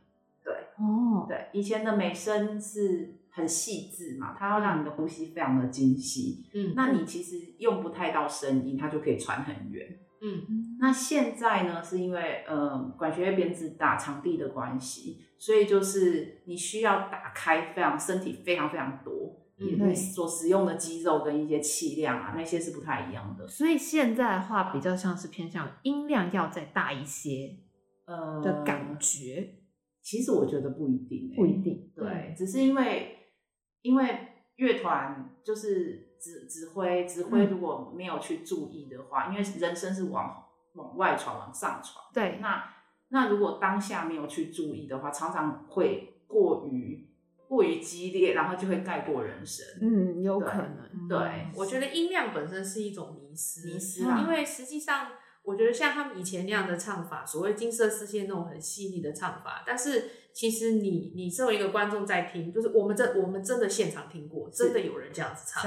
對，哦，對，以前的美聲是。很細緻嘛，它要讓你的呼吸非常的精細。嗯，那你其實用不太到聲音，它就可以傳很遠。嗯，那現在呢，是因為呃，管弦樂編製大場地的關係，所以就是你需要打開非常身體非常非常多，你、嗯、所使用的肌肉跟一些氣量啊，那些是不太一樣的。所以現在的話，比較像是偏向音量要再大一些，呃的感覺、呃。其實我覺得不一定，不一定，對、嗯，只是因為。因為樂團就是指指揮，指揮如果沒有去注意的話，嗯、因為人聲是往往外傳、往上傳。對，那那如果當下沒有去注意的話，常常會過於過於激烈，然後就會蓋過人聲嗯，有可能。對,、嗯對,對，我覺得音量本身是一種迷思、啊，迷思。因為實際上，我覺得像他們以前那樣的唱法，所謂金色絲線那種很細膩的唱法，但是。其實你，你身為一個觀眾在聽，就是我們在，我們真的現場聽過，真的有人這樣子唱。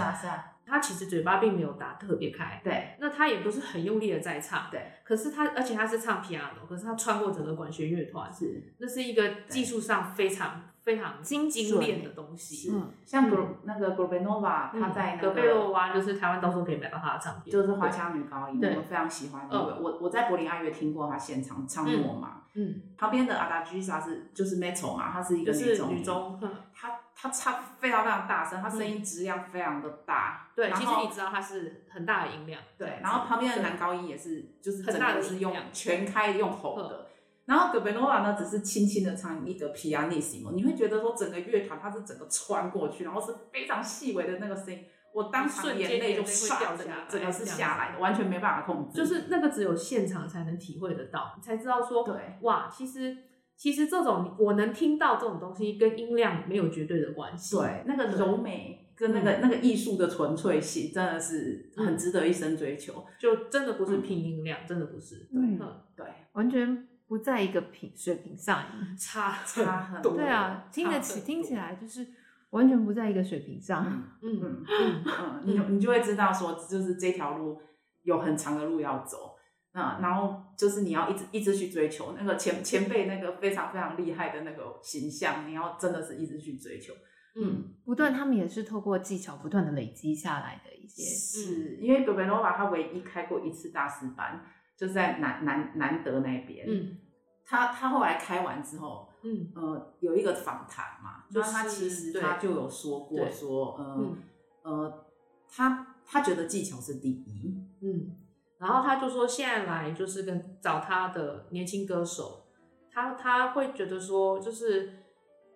他其實嘴巴並沒有打特別開，對，那他也不是很用力的在唱，對，可是他，而且他是唱 Piano，可是他穿過整個管弦樂團，是，那是一個技術上非常非常精精煉的東西。嗯，像格、嗯、那個格貝諾瓦，他在格貝諾瓦就是台灣到時候可以買到他的唱片，就是花腔女高音，我非常喜歡的。我我在柏林愛樂聽過他現場唱諾、嗯、嘛。嗯，旁邊的阿達吉薩是就是 Metro 嘛，他是一個美中、就是、女中，他、嗯。他唱非常非常大聲，他聲音質量非常的大，嗯、對然後。其實你知道他是很大的音量，對。然後旁邊的男高音也是，就是整個是用全開用吼的。然後 g 貝諾 r 呢、嗯，只是輕輕的唱一個皮亞 a n 你會覺得說整個樂團它是整個穿過去，然後是非常細微的那個聲音。我當時眼淚就唰，整個是下來的，完全沒辦法控制。就是那個只有現場才能體會得到，你才知道說，對哇，其實。其實這種我能聽到這種東西跟音量沒有絕對的關係。對，那個柔美、嗯、跟那個、嗯、那個藝術的純粹性真的是很值得一生追求，嗯、就真的不是拼音量，嗯、真的不是。對、嗯，對，完全不在一個平水平上，差差很多。對啊，聽得起聽起來就是完全不在一個水平上。嗯嗯嗯，嗯，嗯，嗯，嗯，嗯，嗯，嗯，嗯，你就你就會知道說，就是這條路有很長的路要走。嗯，然後就是你要一直一直去追求那個前前輩那個非常非常厲害的那個形象，你要真的是一直去追求，嗯，不斷，他們也是透過技巧不斷的累積下來的一些，是，是因為德貝諾娃他唯一開過一次大師班，就是在南南南德那邊，嗯，他他後來開完之後，嗯，呃，有一個訪談嘛，就是他其實他就有說過說，呃、嗯，呃，他他覺得技巧是第一，嗯。然後他就說，現在來就是跟找他的年輕歌手，他他會覺得說，就是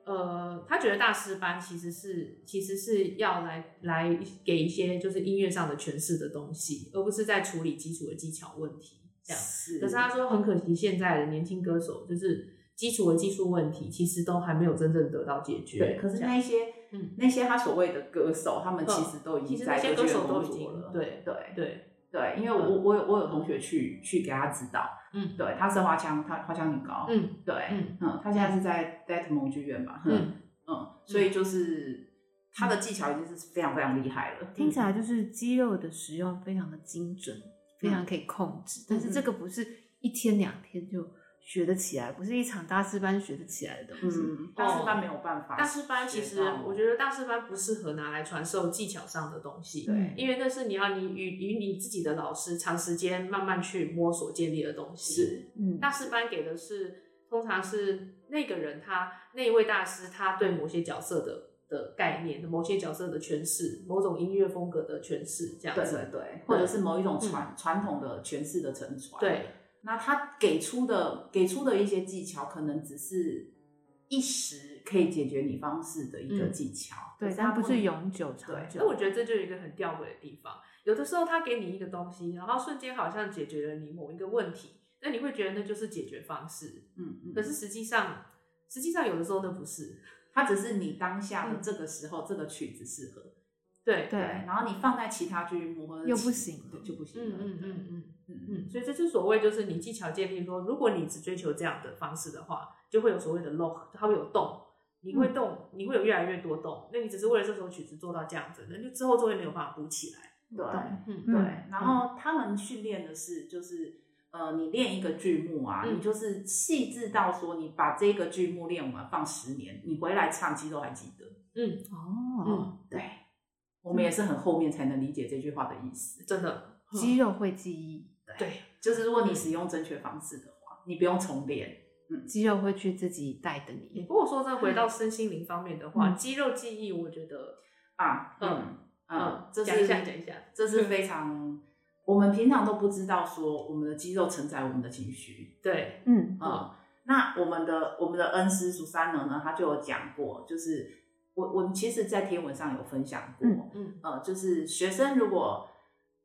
呃，他覺得大師班其實是其實是要來來給一些就是音樂上的詮釋的東西，而不是在處理基礎的技巧問題。這樣。是。可是他說很可惜，現在的年輕歌手就是基礎的技術問題，其實都還沒有真正得到解決。嗯、對。可是那些嗯那些他所謂的歌手，他們其實都已經在歌、嗯、其實那些歌手都已經，了。對對對。對，因為我、嗯、我有我有同學去去給他指導，嗯，對，他是花腔，他花腔很高，嗯，對，嗯，嗯他現在是在戴特蒙劇院嘛，嗯嗯，嗯，所以就是、嗯、他的技巧已經是非常非常厲害了，聽起來就是肌肉的使用非常的精準，嗯、非常可以控制、嗯，但是這個不是一天兩天就。學得起來，不是一場大師班學得起來的東西。嗯，大師班沒有辦法、哦。大師班其實，我覺得大師班不適合拿來傳授技巧上的東西。對、嗯，因為那是你要你與與你自己的老師長時間慢慢去摸索建立的東西。是，嗯，大師班給的是，通常是那個人他那一位大師他對某些角色的的概念，某些角色的詮釋，某種音樂風格的詮釋，這樣子對。對，或者是某一種傳傳、嗯、統的詮釋的承傳。對。那他給出的給出的一些技巧，可能只是一時可以解決你方式的一個技巧，嗯、對他，但不是永久長久。那我覺得這就是一個很吊詭的地方、嗯。有的時候他給你一個東西，然後瞬間好像解決了你某一個問題，那你會覺得那就是解決方式，嗯嗯。可是實際上，實際上有的時候都不是，它只是你當下的這個時候、嗯、這個曲子適合。對對，對，然後你放在其他劇目又不行，對就不行了。嗯嗯嗯嗯嗯，嗯，所以這就是所謂就是你技巧界定說，如果你只追求這樣的方式的話，就會有所謂的漏，它會有洞，你會洞、嗯，你會有越來越多洞。那你只是為了這首曲子做到這樣子，那就之後作業沒有辦法補起來。對、嗯、對，、嗯對嗯，然後他們訓練的是就是呃，你練一個劇目啊、嗯，你就是細緻到說你把這個劇目練完放十年，你回來唱，肌肉還記得。嗯哦嗯，對。我們也是很後面才能理解這句話的意思，真的，肌肉會記憶。對，對，就是如果你使用正確方式的話，嗯、你不用重練、嗯，肌肉會去自己帶着你。不、嗯、過說再回到身心靈方面的話，嗯、肌肉記憶，我覺得啊，嗯，嗯，這是講一下，這是非常、嗯、我們平常都不知道說我們的肌肉承載我們的情緒，對，嗯，啊、嗯嗯嗯，那我們的我們的恩師蘇三能呢，他、嗯、就有講過，就是。我我們其實，在天文上有分享過，嗯，嗯呃，就是學生如果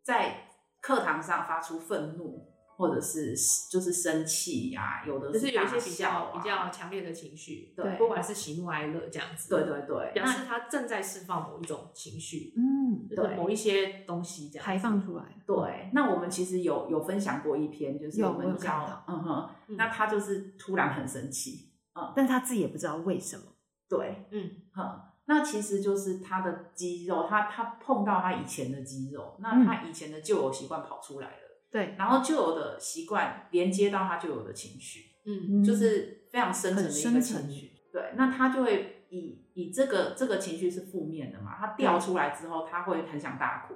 在課堂上發出憤怒，或者是就是生氣呀、啊，有的是、啊就是、有一些比較、啊、比較強烈的情緒，對，不管是喜怒哀樂這樣子、哦，對對對，表示他正在釋放某一種情緒，嗯，對、就是，某一些東西這樣排放出來，對。對對嗯、那我們其實有有分享過一篇，就是我們教，嗯哼嗯，那他就是突然很生氣、嗯，嗯，但他自己也不知道為什麼，對，嗯。哼、嗯，那其實就是他的肌肉，他他碰到他以前的肌肉，嗯、那他以前的舊有習慣跑出來了，對，然後舊有的習慣連接到他舊有的情緒，嗯嗯，就是非常深層的一個情緒，對，那他就會以以這個這個情緒是負面的嘛，他掉出來之後、嗯，他會很想大哭，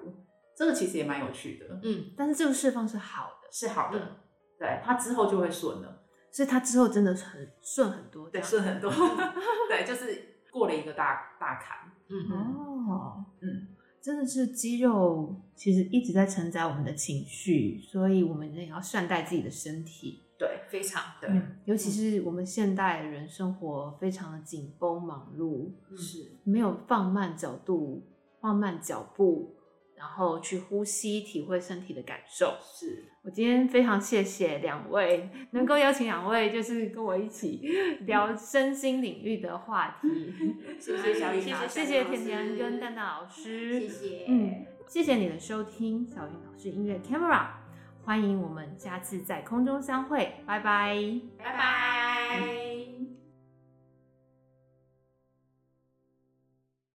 這個其實也蠻有趣的，嗯，但是這個釋放是好的，是好的，嗯、對，他之後就會順了，所以他之後真的很，順很多，對，順很多，對，就是。過了一個大大坎，嗯哦，嗯，真的是肌肉其實一直在承載我們的情緒，所以我們也要善待自己的身體，對，非常對、嗯，尤其是我們現代人生活非常的緊繃忙碌，嗯、是沒有放慢角度、放慢腳步，然後去呼吸、體會身體的感受，是。我今天非常謝謝兩位能夠邀請兩位，就是跟我一起聊身心領域的話題。 謝、謝、謝謝小雨老師，謝謝甜甜跟蛋蛋老師。謝謝，嗯，謝謝你的收聽，小雨老師音樂 Camera，歡迎我們下次在空中相會，拜拜，拜拜。嗯。